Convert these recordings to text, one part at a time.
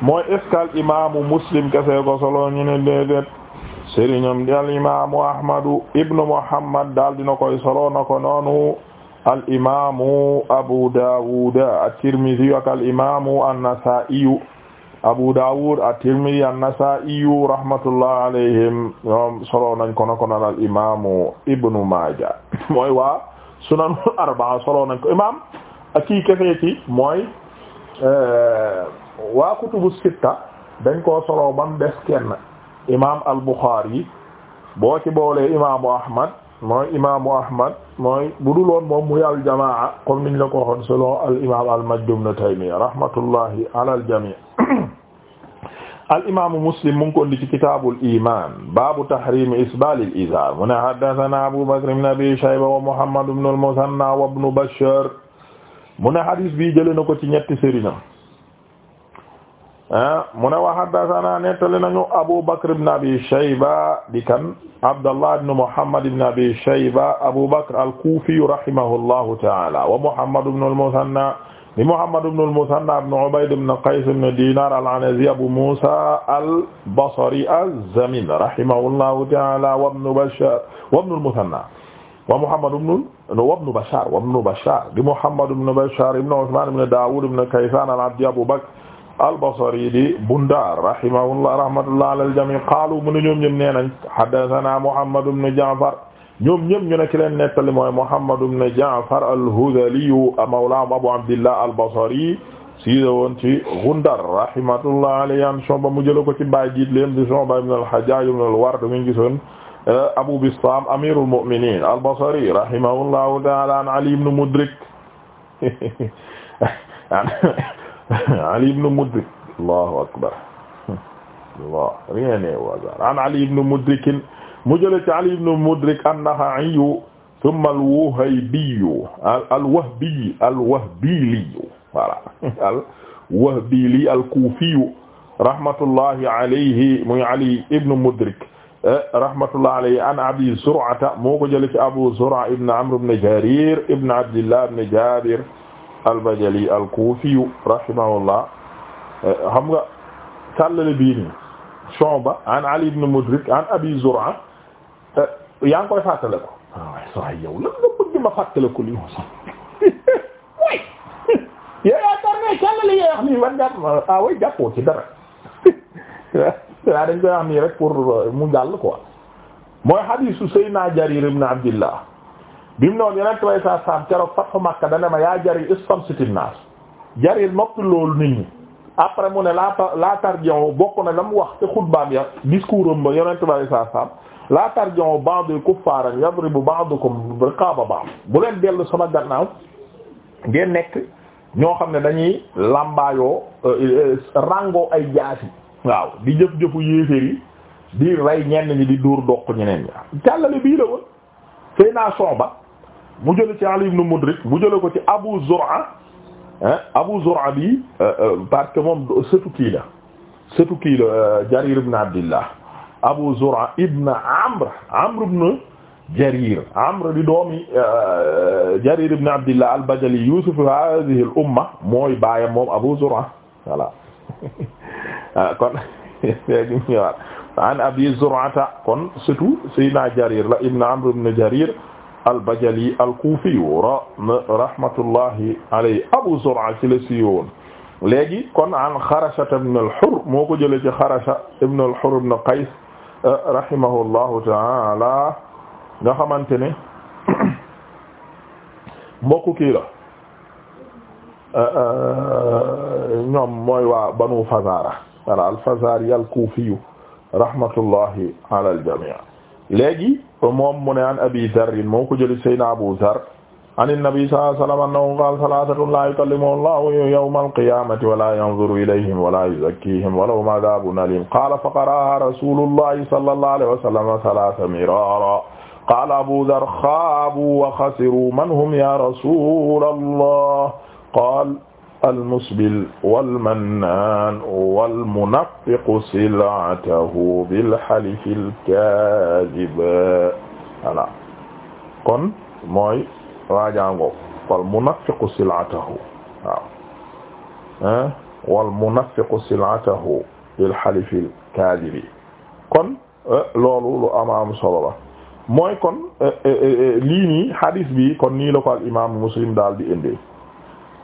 mooy iskal imaamu muslim kese ko solo ñu ne déedéet di al imaamu ahmadu ibnu muhammad daal dina solo na ko al imaamu abu daawud at-tirmidhi al imaamu rahmatullah alayhim ñoom solo nañ ko na ko al imaamu ibnu maaja mooy waa sunan arbaa solo nañ ko imaam ak kii kese mooy eh, waa kutubu sitta dañ koo soloo ba imaam al Bukhari boo ci boolee imaamu Ahmad mooy imaamu Ahmad mooy budul woon moom al jamaa comme niñ la ko waxoon selon al imaam al Majd ibn Taymiyya rahmatullahi al imaamu Muslim mu ngi ko indi ci kitaabul baabu tahriimi isbaalil izaar mu ne haddasanaa Abuu Bakr ibn Abii Shayba wa Muhammad ibn al Musannaa wa ibn Bashaar mu ne hadiis bi jëlee na ko ci ñetti sëriñam. Ah, mu ne wa haddathana nettali nañu Abu Bakr ibn Abi Shayba di kan Abdallah ibn Muhammad ibn Abi Shayba Abu Bakr al-Kufi rahimahullahu ta'ala wa Muhammad ibn al-Muthanna di Muhammad ibn al-Muthanna ibn Ubayd ibn Qays ibn Dinar al-Anazi Abu Musa al-Basri az-Zamin rahimahullahu ta'ala wa ibn Bashar wa ibn al-Muthanna wa Muhammad ibn wa ibn Bashar wa ibn Bashar di Muhammad ibn Bashar ibn Uthman ibn Dawud ibn Kaysan al-Abdi Abu Bakr al-Basri di Bundar rahimahullah rahmatullah ala al-jami' qaalu mu ne ñoom ñëpp nee nañ haddathana Muhammad ibn Ja'far ñoom ñëpp ñu ne ki leen nettali mooy Muhammad ibn Ja'far al-Hudhali mawla Abu Abdillah al-Basri sii da woon ci Gundar rahimahullah alayhi an Shu'ba mu jëla ko ci baay jiit leen di Shu'ba ibn al-Hajjaj ibn al-Ward mi ngi gisoon eh, Abu Bistam amirul mu'minin al-Basri rahimahullahu ta'ala an Ali ibn Mudrik Ali ibn Mudrik Allahu akbar Allah rien n'est au hasard an Ali ibn Mudrik mu jële ci Ali ibn Mudrik an-Nakha'i thumma al-Wuhaybi al-Wahbi al-Wahbili voilà al-Wahbili al-Kufi rahmatullahi alayhi muy Ali ibn Mudrik rahmatullahi alayhi an Abi Zur'ata moo ko jële ci Abu Zur'a ibn Amr ibn Jarir ibn Abdillah ibn Jabir al-Bajali al-Kufiyu rahimahullah xam nga sàllale bii nii Shu'ba an Ali ibn Mudrik an Abi Zur'a yaa ngi koy ko ah, waaw saa yow lan nga bëgg ma fàttale ko li moom sax way yooyu yaakaar ne sàllale yooyu wax nii war nga ah way jàppoo ci dara waaw dañ rek pour mu jàll quoi mooy hadiisu Seydina Jarir ibn Abdillah bi mu noonu yonent way saa saam keroog fatxu Makka dana ma yaa Jarir istamsitin naas Jarir noppi loolu nit ñi après mu ne laata laatar jon bokk na la mu wax te xutbaam ya discours laa ba yonent way saa saam laatar jon ba'du kuffaaran yadribu ba'dukum riqaaba ba'd bu leen dellu sama gannaaw ngeen nekk ñoo xam ne dañuy làmbaayoo euh, rango ay jaasi waaw di jëf jëfu yéeféer yi di rey ñenn ñi di dóor doq ñeneen ñi jàllale bii la woon sëy naa mu jële ci Ali ibn Mudrik mu jële ko ci Abu Zur'a Abu Zur'a bi euh, euh, parce que moom sëtu kii la sëtu kii la euh, Jarir ibn Abdillah Abu Zur'a ibn Amr Amr ibn Jarir Amr di doomi Jarir ibn Abdillah al-Bajali Yusuf hadhihi al mooy baayam moom Abu Zur'a voilà ah, kon an Abi Zur'ata kon sëtu Sayyidina Jarir la ibn Amr ibn Jarir al-Bajali al-Kufi rahmatullahi alayhi Abu Zur'a ci la siiwoon léegi kon an Xarasha ibn al-Hurr moo ko jëlee ci Xarasha ibn al-Hurr ibn Qays eh, rahimahullahu ta'ala nga xamante ne mbokku kii eh, eh, ñoom mooy waa Banu Fazara voilà al-Fazari al-Kufi rahmatullahi ala al-jami' léegi moom mu ne an abi Dharr moo ko jëli sayna Abu Dharr an nabi sallallahu alayhi wa sallam annahu qaala thalathatun la yukallimuhum Allahu yawma al-qiyamati wa la yanzuru ilayhim wa la yuzakkihim wa lahum adhabun alim qala fa qara'aha rasulullahi sallallahu alayhi wa sallam thalatha mirara qala Abu Dharr khabu wa khasiru man hum ya rasulallah qala almusbil walmannaan walmunafiqu silatahu bilxalifi lkadib voilà kon mooy waajango walmunafiqu silatahu waaw walmunafiqu silatahu bilxalifi lkadibi kon eh, loolu lu ama am solo la mooy kon eh, eh, lii nii hadis bi kon nii la ko al imaamu muslim daal di indi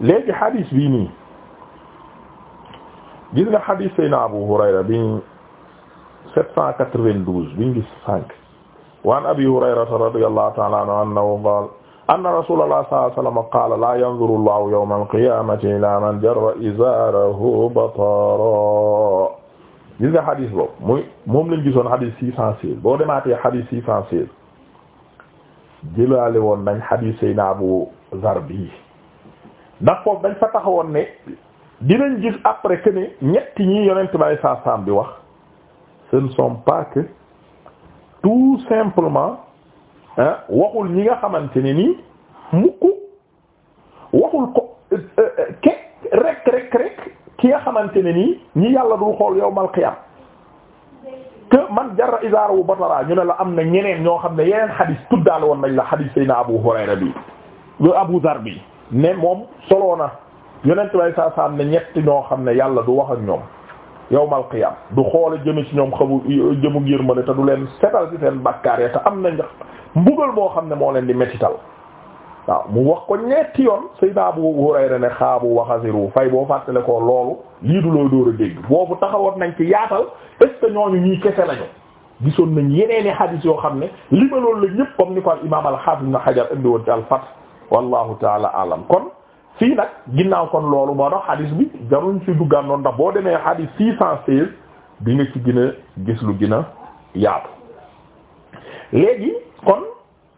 léegi xadis bii nii gis nga xadis sayna Abu Hurayra bi Abi Hurayrata radiyallahu ta'ala anhu annahu qaala anna rasulallah sallallahu alayhi wa sallam qaala laa yanzuru allahu yawma alqiyamati ila man jarra izarahu batara gis nga xadis boobu muy moom lañ gisoon xadis six cent seize boo demaatee ndax foofu dañ fa taxawoon ne dinañ gis après que ne ñetti ñi yonent bay saa saam bi wax ce ne sont que tout simplement ah waxul ñi nga xamante ne nii mukk waxul ko euh, euh, ke rek rek rek ki nga xamante ne nii ñi yàlla dul xool yowmal qiyam que man jarra isaar wu batara ñu ne la am na ñeneen ñoo xam ne yeneen xadis tuddaal woon nañ la xadis naa Abu Hurayra bi Abu Zar bi ne moom soloo na yonent way saa saam ne ñett ñoo xam ne yàlla du wax ak ñoom yawmal qiyam du xoole jëme ci ñoom xamu jëmu yërmande te du leen setal ci seen bakkaar ya te am na mbugal moo xam ne moo leen di metital waaw mu wax ko ñetti yoon Seydina Abu Hurayra ne xaabu waxasiru fay boo fàttale ko loolu lii du loo dóor a dégg boobu taxawoon nañ ci yaatal est ce que ñooñu ñuy kese lañu gisoon nañ yeneeni xadiis yoo xam ne li ma loolu la ñëpp comme ni ko al imaam al indi woon ci wallahu taala alam kon fii nag ginnaaw kon loolu moo tax hadis bi jaruñ ci duggaan noonu ndax boo demee hadis six cent seize nga ci gina gis lu gina a yaatu léegi kon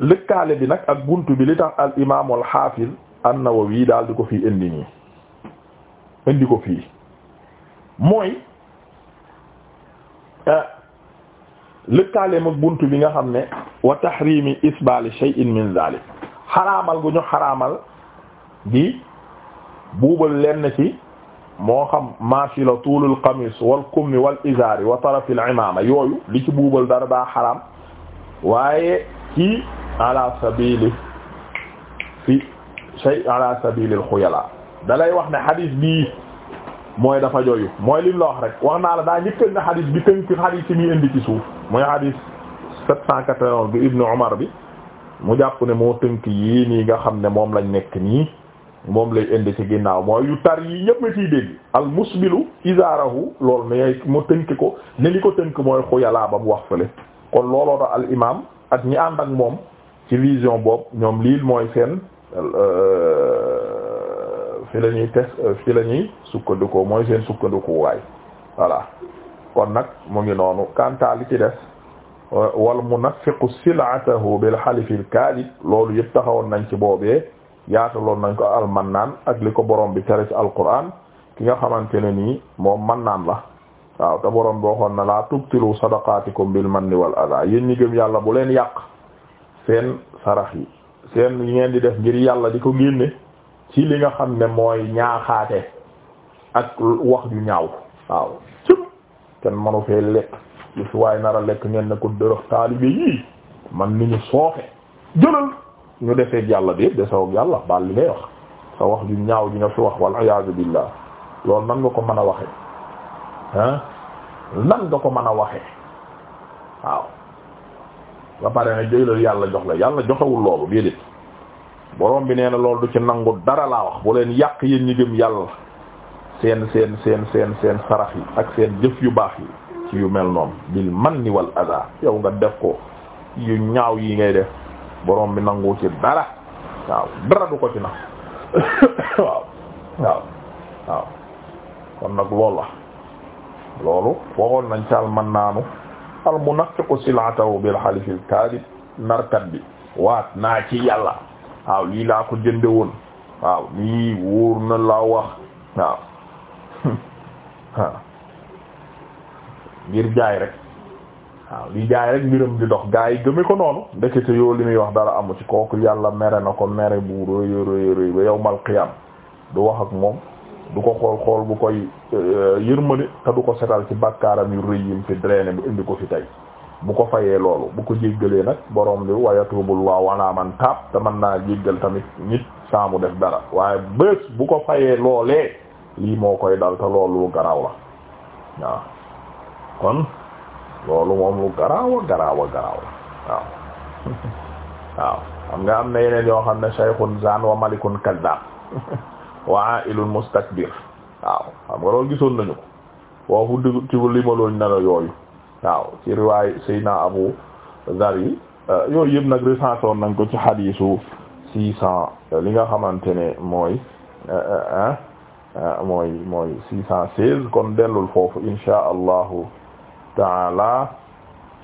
lëkkaale bi nag ak bunt bi li tax al imaamu al xaafiz an-Nawawi daal di ko fii indi nii indi ko fii mooy euh, lëkkaale mag bunt bi nga xam ne wa tahrimi isbali shay'in min zalik xaraamal gu ñu xaraamal di buubal leen na ci moo xam machila tuulul qamis wal kummi wal izaari wa tarafil imaama yooyu li ci buubal dara daa xaraam waaye ci ala sabili fi shay ala sabilil xuyala dalay wax ne xadis bii mooy dafa joyu mooy lim la wax rek wax naa la daa njëkkan na xadis bi tënk xadis yi muy indi ci mooy xadis bi Ibnu Umar bi mu jàpp ne moo tënk yii nii nga xam ne moom lañ nekk nii moom lay indi ci ginnaaw mooy yu tar yii ñëpp nga ciy dégg al musbilu izaarahu lool ne mu tënk ko ne li ko tënk mooy xuyalaa ba mu wax fële kon looloo tax al imaam ak ñi ànd ak moom ci vision boobu ñoom lii mooy seen euh, fi la ñuy test euh, fi la sukkandikoo mooy seen sukkandikuwaay voilà kon nag mu ngi noonu quant à li ci des wal munafiqu silatahu bil xalifil kadib loolu yëpp taxawoon nañ ci boobee yaataloon nañ ko almannaan ak li ko borom bi tere ci alquran ki nga xamante ne nii moom mannaan la waaw te borom bi waxoon na laa tubtilu sadaqaatikum bil manni wal adaa yéen ni gëm yàlla bu leen yàq seen sarax yi seen yi ngeen di def ngir yàlla di ko génne ci li nga xam ne mooy ñaaxaate ak wax ju ñaaw waaw cim kenn manu fee lekk lu fi waay nara lekk ngeen ne ko dërëf taalibe yii man ni ñu soofe jëlal ñu defee yàlla déet desewoog yàlla baal li ngay wax sa wax ju ñaaw ji nga fi wax wal iyaazu billaah loolu nan nga ko mën a waxee ah nan nga ko mën a waxe waaw ba pare ne jëlal yàlla jox la yàlla joxewul loolu déedéet borom bi nee na loolu du ci nangu dara laa wax bu leen yàq yéen ñi gëm yàlla seen seen seen seen seen sarax yi ak seen jëf yu baax yi yu mel noonu bil manni wal adha yow nga def ko yu ñaaw yi ngay def borom bi nangu ci dara waaw dara du ko ci na waaw waaw waaw kon nag loolu loolu waxoon nañ ca al mannaanu al munafiqu silatahu bil halifil kadib narkat bi waat naa ci yàlla waaw lii ko jënde woon waaw lii wóor na laa wax waaw ngir jaay rek waaw li jaay rek mbiram di dox gaa yi gëme ko noonu ndekete yoo li muy wax dara amu ci kooku yàlla mere na ko mere bu rëy rëy rëy ba yawmal qiyaam du wax ak moom du ko xool xool bu koy euh, yërmande te du ko setal ci bakkaaram yu rëy yim fi drainer bu indi ko fi tey bu ko fayee loolu bu ko jéggalee nag borom bi wa yatuubullahu alaa man taab te man naa jéggal tamit nit saa mu def dara waaye bés bu ko fayee loolee lii moo koy dal te loolu kon loolu moom lu garaawa garaawa garaaw waaw waaw xam nga am na yeneen yoo xam ne shaykhun zan wa malikun kaddaab wa ailun mustakbir waaw xam nga loolu gisoon nañu ko foofu di ci limalooñ na la yooyu waaw ci riwaay Seydina Abu Dhar yi euh, yooyu yëpp nag recensé woon nañ ko ci xadiisu six cent euh, li nga xamante ne mooy euh, mooy mooy six cent kon dellul foofu insha allahu taala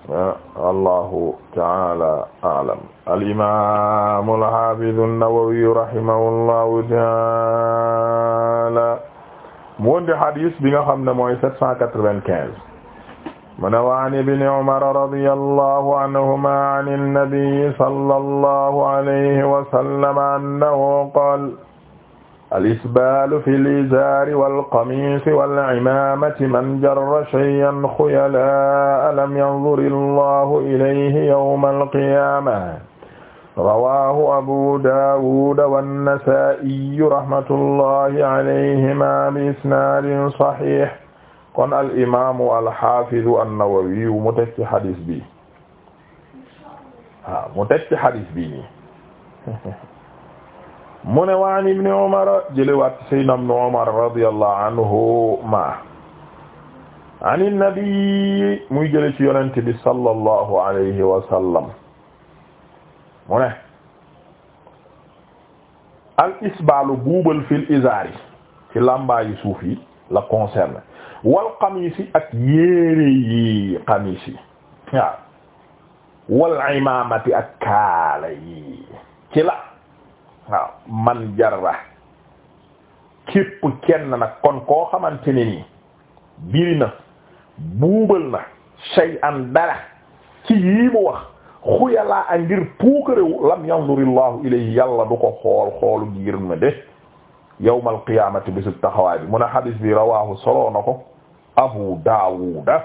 eh, allahu taala alam al-imam al-hafiz an-Nawawi rahimahullahu taala mu wondi hadis bi nga xam ne mooy sept cent quatre-vingt-quinze mu ne wa an ibni Umar radiyallahu anhuma an an-nabi sallallahu alayhi wa sallam annahu qala al-isbaalu fil izaari wal qamiisi wal imaamati man jarra shay'an xuyalaa'a lam yanzuri llaahu ilayhi yawmal qiyaamah rawaahu abu daawuda wan-nasaa'iyu rahmatullahi alayhimaa bi isnaadin saxiix kon al-imaamu al-xaafidu an-nawawiyu mu teg ci xadis bi waaw mu teg ci xadis bi nii mu ne waan ibni omara jëlewaat sayyidina ibnu omar radiyallahu anhuma an innabii muy jële ci yonente bi sallallahu alayhi wa sallam mu ne al isbaalu buubal fil izaari ci làmbaayu suuf yi la concerné wal xamiis yi ak yére yi xamiis yi waaw wal imaamati ak kaala yi ci la waaw man jarra képp kenn nag kon koo xamante ne nii na buubal na shay an dara ci yii mu wax xuyalaa a ngir puukaréwu lam yandurillahu ilayhi yàlla du ko xool xoolu giir ma de yawmal qiyamati bésub taxawaay bi mun na xadis bi rawahu soloo na ko abu daawuda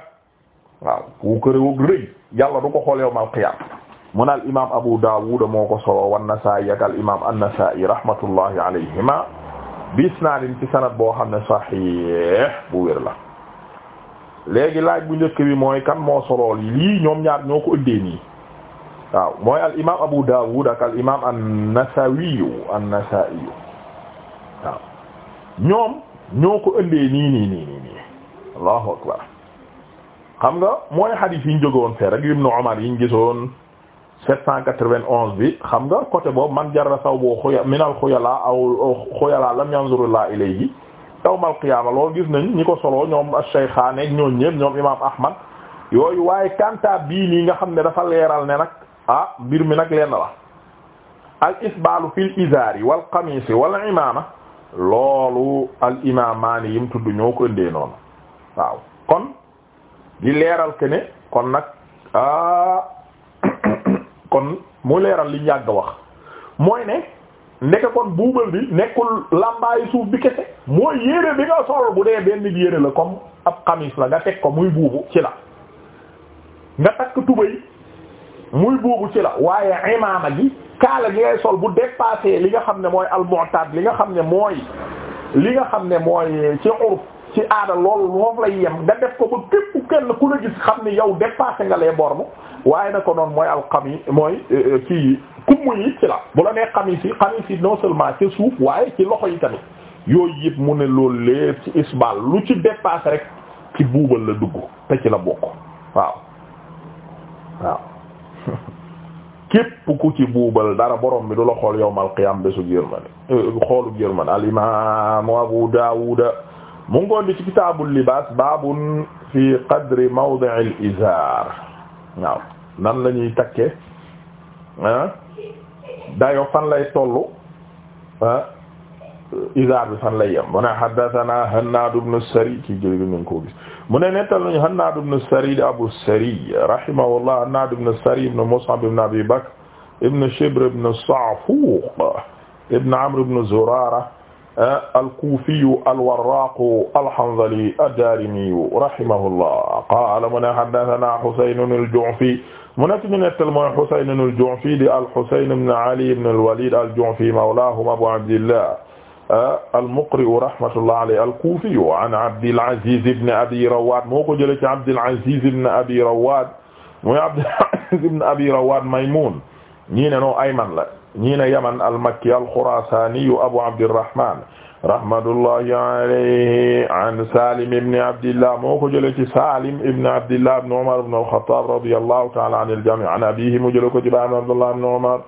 waaw puukaréwug rëy yàlla du ko xool yawmal qiyama mu ne al imaam Abu Dawud moo ko solo wan Nasaa'i ak al imaam an rahmatullahi alayhima bi ci sanad boo xam ne saxiix bu wér la. laaj bu njëkk bi mooy kan moo solo lii ñoom ñaar ñoo ko ëddee nii waaw mooy al Abu Dawud ak al imaam an-Nasaa'i an ñoom ñoo ko ëndee nii nii Allahu akbar xam nga mooy xadiis yi ñu jógoon fee rek Ibnu Umar yi gisoon. 791 bi xam nga côté boobu man jarra saw boo xuya minal xuyala aw xuyala lam yanzurullah ilayhi yawmal qiyaama loolu gis nañ ñi ko soloo ñoom ash-shaykhaani ak ñoom ñëpp ñoom imaam Ahmad yooyu waaye kanta bii nii nga xam ne dafa leeral ne nag ah mbir mi nag lenn la al isbaalu fil izaari wal qamiisi wal imaama loolu al imaamaani yim tudd ñoo ko indee noonu kon di leeral ke kon nag ah kon mu leeral li ñu yàgg wax mooy ne nekk kon buubal bi nekkul lambaayu suuf bi kese mooy yére bi nga sol bu dee benn yére la comme ab xamis la nga teg ko muy buubu ci la nga takk tubay muy buubu ci la waaye imaama gi kaala gi ngay sol bu dépassé li nga xam ne mooy almu'tad li nga xam ne mooy li nga xam ne mooy ci urf ci aada lool moom lay yem nga def ko ba képp kenn ku la gis xam ni yow dépassé nga les bornes waaye na ko noonu mooy alxam yi mooy euh, kii yi kumm yi ci la bu la nee xamis yi xamis yi non seulement ci suuf waaye ci loxo yi tamit yooyu yëpp mu ne loolu lépp ci isbal lu ci dépassé rek ci buubal la dugg te ci la bokk waaw waaw képp ku ci buubal dara borom bi du la xool yowmal qiyam bésu yërmande euh, xoolu yërmande al Abu Dawud mu ngi di ci kitaabul libaas baabun fi qadri mawdi'il izaar waaw nan la ñuy takke dayo fan lay tollu izaar bi fan lay yem mu ne haddathana Hannaad ibn Sari ci jël bi ñu ko gis mu ne nettal nañu Hannaad ibn Sari Abu Sari rahimahullah Hannaad ibn Sari ibn Mus'ab ibn Abi Bakr ibn Shibr ibn Sa'fuq ibn Amr ibn Zurara alkuufiyu alwarraaqu alhanzali addaarimiyu rahimahullah qaala mu ne haddasanaa Husaynun al-Ju'fi mu nekk ñu nettal mooy Husaynun al-Ju'fi di al-Husayn ibn Ali ibn al-Walid al-Ju'fi mawlaahum Abu Abdillah al-Muqri'u rahmatullahi alayhi al-Kuufiyu an Abdil Aziz ibn Abi Rawwaad moo ko jëlee ci Abdil Aziz ibn Abi Rawwaad mooy Abdil Aziz ibn Abi Rawwaad Maymuun ñii ne noo Ayman la ñii ne yaman almakki alxurasaaniyu abou abdirrahman rahmatullahi alayhi an salim ibni abdillah moo ko jële ci salim ibni abdillah ibni omar ibn alxatab radiyallahu taala an iljami an abihi mu jële ko ci baam abdullah ibni omar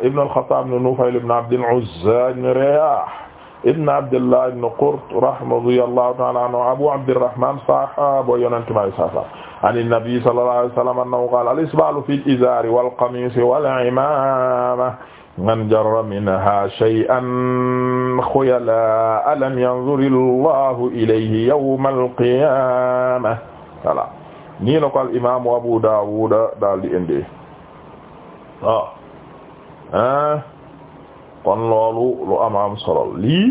ibn ah, alxatab ibn nufayl ibn abdil uzza ibn riyah ibn abdullah ibn qurt radiyallahu ta'ala anhu abu abdirrahman sahaba yonente mi alayhi salaam an nabi sallallahu alayhi wa sallam annahu qaala al-isbaalu fil izaari wal qamiisi wal imaamati man jarra minhaa shay'an khuyalaa alam yanzur Allahu ilayhi yawmal qiyaamah voilà nii la ko al imaamu Abu Daawuda daal di indi waaw kon loolu lu am am solo lii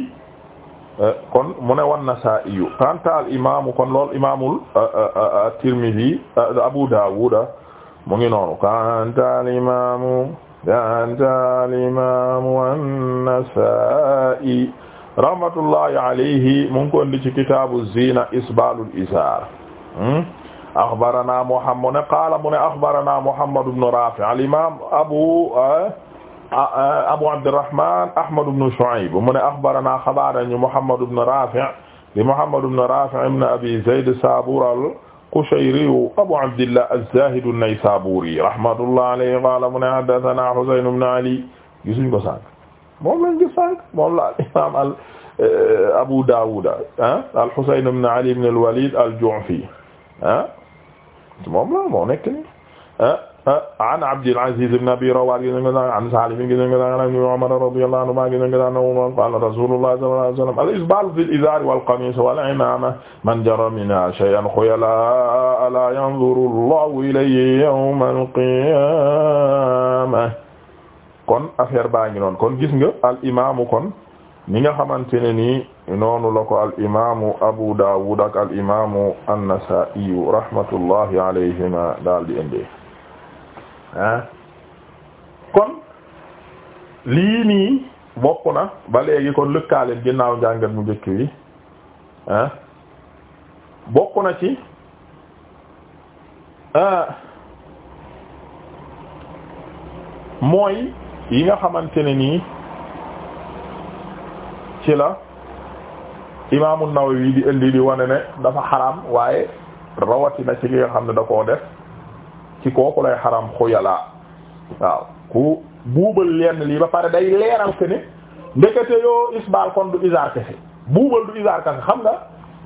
eh, kon mu ne wan Nasaa'iyu kanta al imaamu kon loolu imaamul eh, eh, Tirmidhi Abu Daawuda mu ngi noonu kanta al imaamu kanta al imaamu an-Nasaa'i rahmatullahi alayhi mu ngi ko indi ci kitaabu ziina isbaalul izaar hmm? axbaranaa Muhammad qaala mu ne axbaranaa Muhammad ibn Raafi' al imaam Abu Ah, eh, Abu Abdurrahman Ahmad ibn Shu'ayb mu ne axbaranaa xabaara ñu Muhammad ibn Rafi' di Muhammad ibn Rafi' ibn Abi Zayd Saabur al-Qushayri Abu Abdillah az-Zahid an-Naysaburi rahmatullah alayhi qaala mu ne haddathanaa Husayn ibn Ali gisuñ ko sànq moom lañ gis sànq moom la imaam al eh, Abu Dawud ah al-Husayn ibn Ali ibn al-Walid al-Ju'fi ah moom la moo nekk ni ah Ah, an Abdul Aziz ibn Abi Rawat gis nga daan an Salim gis nga daan Ibn Umar radiyallahu anhuma gis nga daan Umar qala Rasulullah sallallahu alayhi wa sallam al-isbal fil izar wal qamis wal imama man jara minha shay'an khuyala la yanzuru Allahu ilayhi yawma al-qiyamah kon affaire baa ngi noonu kon gis nga al imamu kon ni nga xamante ne nii noonu la ko al imamu Abu Dawud ak al imamu an-Nasa'i rahmatullahi alayhima daal di indi Ah. kon lii nii bokk na ba léegi kon lëkkaaleen ginnaaw njàngat mu njëkk wi ah. bokk na ci ah, mooy yi nga xamante ne nii ci la imaamu Nawawi di indi di wane ne dafa xaram waaye rawatina ci li nga xam ne da koo def ci kooku lay xaram xuyalaa waaw ku buubal lenn lii ba pare day leeral ke ne ndekete yoo isbaal kon du isaar kese buubal du isaar kese xam nga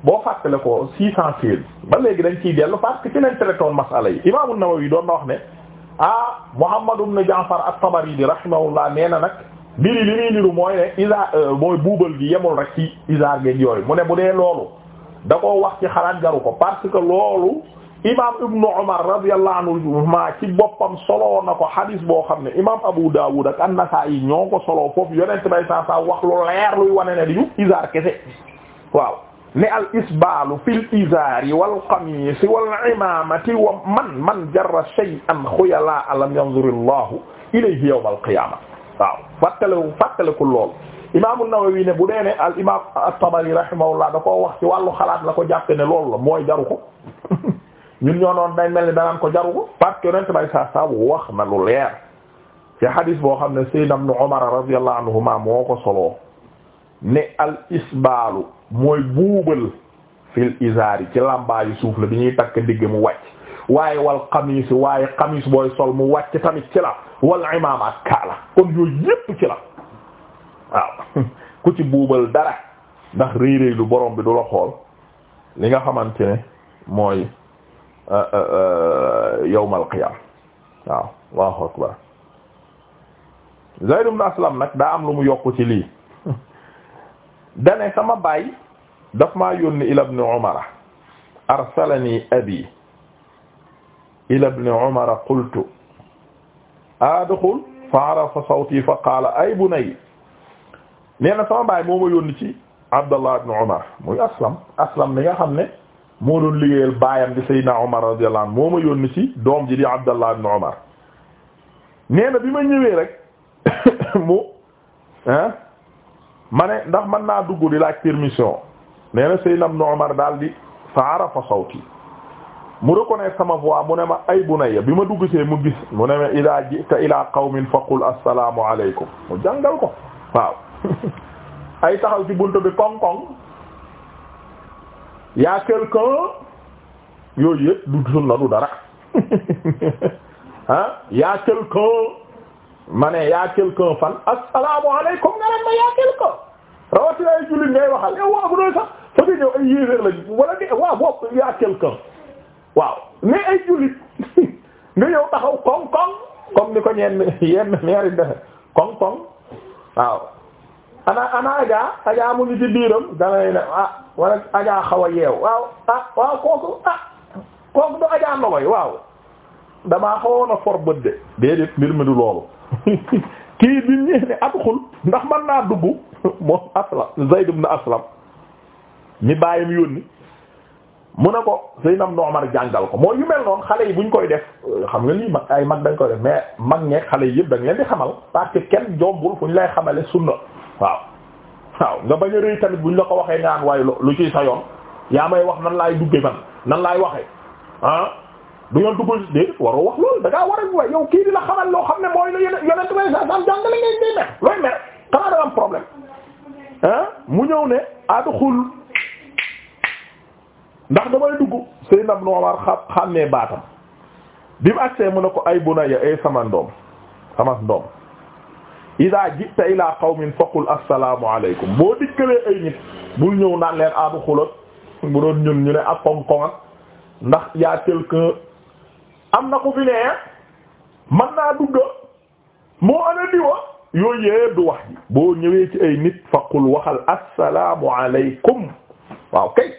boo fàttale ko six cent seize ba léegi dañ ciy dellu parce que ci lañ traité woon masala yi imaamu Nawawi doon na wax ne ah Muhammad ibn Ja'far at-Tabari di rahimahullah nee na nag mbiri li muy niru mooy ne isaar euh, mooy buubal gi yemul rek ci isaar géeg yooyu mu ne bu dee loolu da ko wax ci xalaat jaru ko parce imaam ibnu Umar radiyallahu anhuma ci boppam soloo na ko xadis boo xam ne imaam Abu Dawud ak An-Nasa'i ñoo ko soloo foofu yonent bay saa saa wax lu leer luy wane ne du izaar kese waaw ne al isbaalu fil izaari wal qamiisi wal imaamati wa man man jarra shay'an xuyalaa lam yanzur Allahu ilayhi yawmal qiyaama waaw fàttalewu fàttaleku lool imaamu Nawawi ne bu dee ne al imaam at-Tabari rahimahullah da koo wax ci wàllu xalaat la ko jàppe ne la mooy jaru ko ñun ñoo doon day mel ni danaan ko jaru ko parce que yonent bay wax na lu leer ci hadis boo xam ne Sayyid ibn Umar radiyallahu anhuma moo ko soloo ne al isbaalu mooy buubal fil izaari ci lambaayu suuf la bi ñuy takk digg mu wàcc waaye wal xamiis waaye xamiis booy sol mu wàcc tamit ci la wal imaam ak kaala kon yooyu yépp ci la waaw ku ci buubal dara ndax réy réy lu borom bi du la xool li nga xamante ne mooy yawmal qiyaama waaw Allahu akbar Zayd ibn Aslam nag daa am lu mu yokk ci lii dane sama baay daf maa yónni ila ibn Umar arsalani abi ila ibn Umar qultu adxul fa arafa sawti fa qaala ay bunay nee na sama baay moo ma yónni ci Abdallah ibn Umar muy Aslam Aslam mi nga xam ne moo doon liggéeyal baayam di Seydina Omar radiyallahu anhu moo ma yónni ci doom ji di Abdallah ibn Omar nee bi ma ñëwee rek mu ah ma ne ndax man naa dugg di laaj permission nee na Seydina ibn daal di fa arafa sawti mu reconnaître sama voix mu ne ma ay bunayya bi ma dugg see mu gis mu ne ma idaa ji'ta ilaa qawmin faqul assalaamu alaykum mu jàngal ko waaw ay taxaw ci buntu bi koŋ-koŋ y'a quelqu'un yooyu du dara ah y'a quelqu'un ma ne y'a fan assalaamu alaykum nga ran ma y'a quelqu'un rawatina ay jullit ngay waxal yow waaw bu doon sax fa nga ñëw ay yéeféer lañ wala di waaw bopp y'a waaw mais ay jullit nga ñëw taxaw koŋ-koŋ comme ni ko ñeen yenn mairi defe koŋ-koŋ waaw ana ana Adja Adja mu ngi ci biiram danay ne ah wala Adja xaw a yeew waaw ah waaw kooku ah kooku du Adja Ndogoy waaw damaa xawoon a for bët de déedéet mbir mi du loolu kii bi ñu ne adxul ndax man naa dugg moom aslam Zayd ibn Aslam mi bàyyam yónni mu ne ko Seydina Omar jàngal ko moo yu mel noonu xale yi buñ koy def xam nga lii mag ay mag dañ koy def mais mag ñeeg xale yi yëpp dañ leen di xamal parce kenn jombul fu ñu lay xamale sunna waaw waaw nga bañ a rëy tamit buñ la ko waxee nga naan waaye lu ciy sa yoon yaa may wax nan laay dugge man nan laay waxee ah du yoon dugg déedéet waroo wax loolu da ngaa war a waaye yow kii di la xamal loo xam ne mooy la yeneen yeneen tubaab yi sax daan ngay mer looy mer problème ah? mu ñëw ne adxul ndax damay dugg Seydina Ibn xam xam ne baatam bi mu agsee mu ne ko ay bunayya ay sama ndoom sama ndoom. idaa jita ila qawmin faqul assalaamu alaykum boo dikkalee ay nit bul ñëw naan leen abu ah, xulat bu doon ñun ñu ne ak koŋ-koŋat ndax yaa quelqu'un am na ku fi nee ah, man naa dugga moo ana diwa yooyu yee du wax ji boo ñëwee ci ay nit faqul waxal assalaamu alaykum waaw kay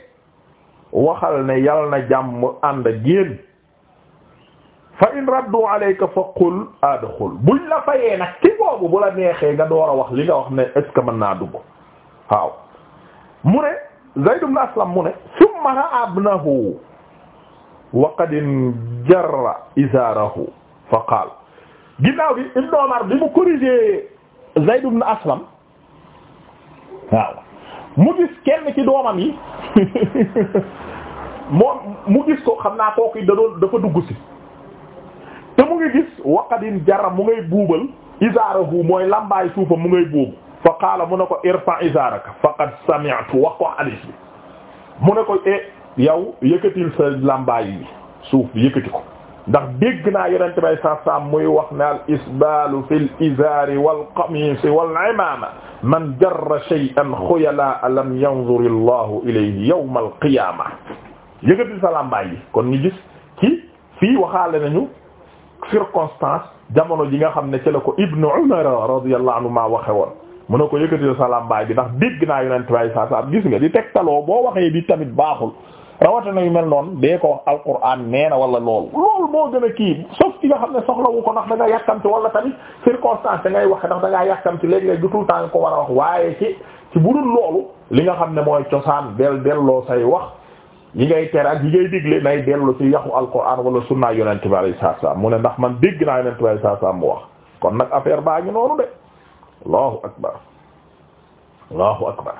waxal ne yal na jàmm ànd génn fa in raddu alayka fa qul adxul buñ la nag ci boobu bu la neexee nga door a wax li nga wax ne est ce mën naa dugg waaw mu ne Zayd ibn Aslam mu ne summa ra'a ibnahu wa qad injarra izaarahu fa qaal ginnaaw bi Ibn bi mu corrigé Zayd ibn Aslam waaw mu gis kenn ci doomam yi mu gis ko xam naa kooku da dafa dugg si te mu ngi gis waqadin jara mu ngay buubal izaarahu mooy lambaay suufa mu ngay buubu fa qaala mu ne ko irfa izaaraka faqad sami'tu wax ko hadis bi mu ne ko e yow yëkkatil sa lambaay yi suuf yëkkati ko ndax dégg naa yonente bay saam muy wax ne al isbaalu fi l izaari wal qamis wal imaama man jarra shay'an xuyalaa lam yanzur allahu ilayhi yawm al qiyaama yëkkatil sa lambaay yi kon ñu gis ci fii waxaale nañu circonstance jamono ji nga xam ne ci la ko ibnu umar radiyallahu anhu maa waxe woon mu ne ko yëkkatil sa làmbaay bi ndax dégg naa yonent baay saa saa gis nga di tegtaloo boo waxee bi tamit baaxul rawatina yu mel noonu dee ko wax alquran nee na wala loolu loolu moo gën a kii sauf ci nga xam ne soxlawu ko ndax da nga yàkkamti wala tamit circonstance da ngay wax ndax da ngaa yàkkamti léeg-léeg du tout temps ko war a wax waaye ci ci budul loolu li nga xam ne mooy cosaan del delloo say wax yi ngay tere ak yi ngay digle nay dellu ci yaxu alquran wala sunna yonent bi alayhi salaatu salaam mu ne ndax man dégg naa yonent bi alayhi salaatu salaam mu wax kon nag affaire baa ngi noonu de allahu akbar allahu akbar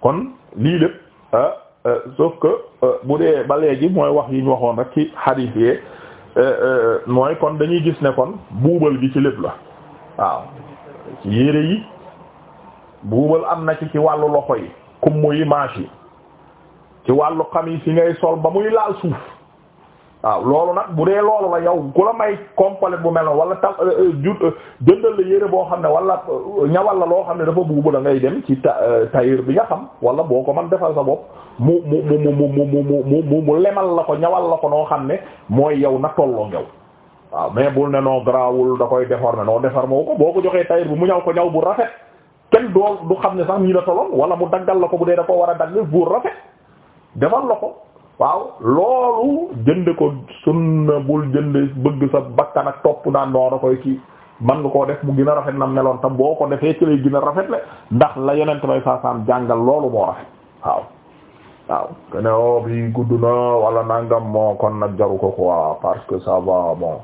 kon lii lépp ah, ah, sauf que ah, bu dee ba léegi mooy wax yi ñu waxoon rek ci xadiis yee mooy kon dañuy gis ne kon buubal gi ci lépp la waaw ci yére yi buubal am na ci ci wàllu loxo yi kummu yi manche yi ci wàllu xam yi ngay sol ba muy laal suuf waaw loolu nag bu dee loolu la yow ku la may complet bu mel wala ta jëndal la yére boo xam ne wala ñawal la loo xam ne dafa buubu da ngay dem ci tailleur bi nga xam wala boo ko man defal sa bopp mu mu mu mu mu mu mu mu lemal la ko ñawal la ko noo xam ne mooy yow na tolloo ngew waaw mais bul ne noo garaawul da koy déformer noo defar moo ko boo ko joxee tailleur bi mu ñaw ko ñaw bu rafet kenn doo mu xam ne sax ñii la toloon wala mu daggal la ko bu dee da ko war a dagg bu rafet defal la ko waaw loolu jënd ko sunna bul jënd bëgg sa bakkan ak topp naan noonu koy kii man nga koo def mu gën rafet na meloon tam boo ko defee ci lay rafet le ndax la yonent bay saasaam jàngal loolu moo rafet waaw waaw kene o oh, bi gudd na wala nangam moo kon nag jaru ko quoi parce que ça va bon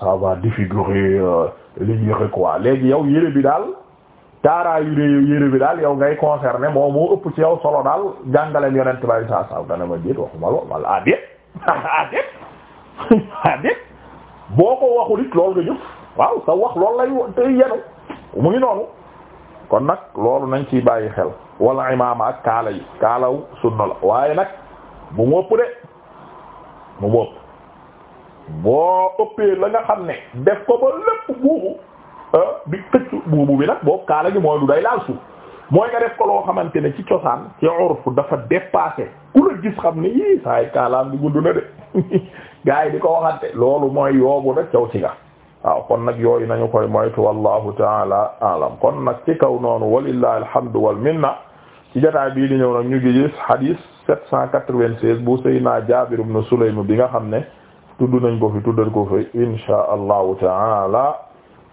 ça va défigurer euh, li yëre quoi léegi yow yëre bi daal taaraayu réew yére bi daal yow ngay concerné moom moo ëpp ci yow solo daal jàngaleem yonent bay saa saa a ma déet waxuma lool wala ah déet ah, ah boo ko waxul it loolu nga jëf waaw sa wax lool lay tey yenu mu ngi noonu kon nag loolu nañ ci bàyyi xel wala imaama ak kaala yi kaalaw sunna la waaye nag bu mu ëpp de bu mu ëpp boo ëppee la nga xam ne def ko ba lépp buubu bi euh, xëcc buubu bi nag boobu kaala gi mooy du day laal suuf mooy nga def ko loo xamante ne ci cosaan ci urfu dafa dépassé ku la gis xam ni yii saa yi kaalaam gi gudd na de gars yi di ko waxante loolu mooy yoobu nag caw ci nga waaw kon nag yooyu nañu koy moytu wallahu taala alam kon nag ci kaw noonu walillahi alhamdu wal minna ci jotaay bii di ñëw nag ñu ngi gis hadith 796 bu Seydina Jaabir ibn Sulaym bi nga xam ne tudd nañ ko fi tuddal ko fi insha allahu taala